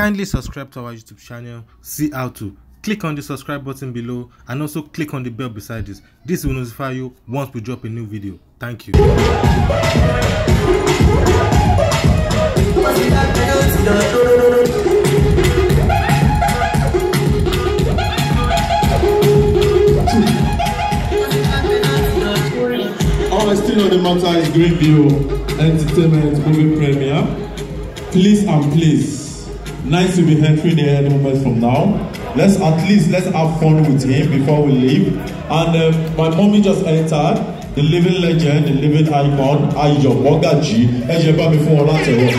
Kindly subscribe to our YouTube channel, see how to. Click on the subscribe button below and also click on the bell beside this. This will notify you once we drop a new video. Thank you. All still on the matter is Greenview Entertainment movie premiere. Please and please. Nice to be entering the any moment from now. Let's at least let's have fun with him before we leave. And um, my mommy just entered. The living legend, the living icon, Ayo Mogaji. Ẹ jẹ́ bá mi fún ọ láti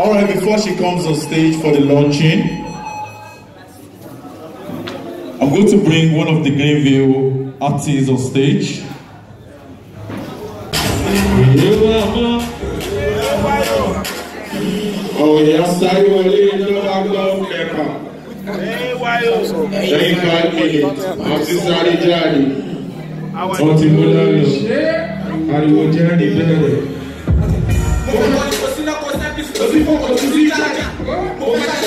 All right, before she comes on stage for the launching, I'm going to bring one of the Greenville artists on stage. Ọ̀yà sáré wọlé five minutes, wọ́n ti sáré jáde. Wọ́n ti mú lọ́rọ̀. Ariwo jáde bẹ̀rẹ̀. Mo máa ń lọ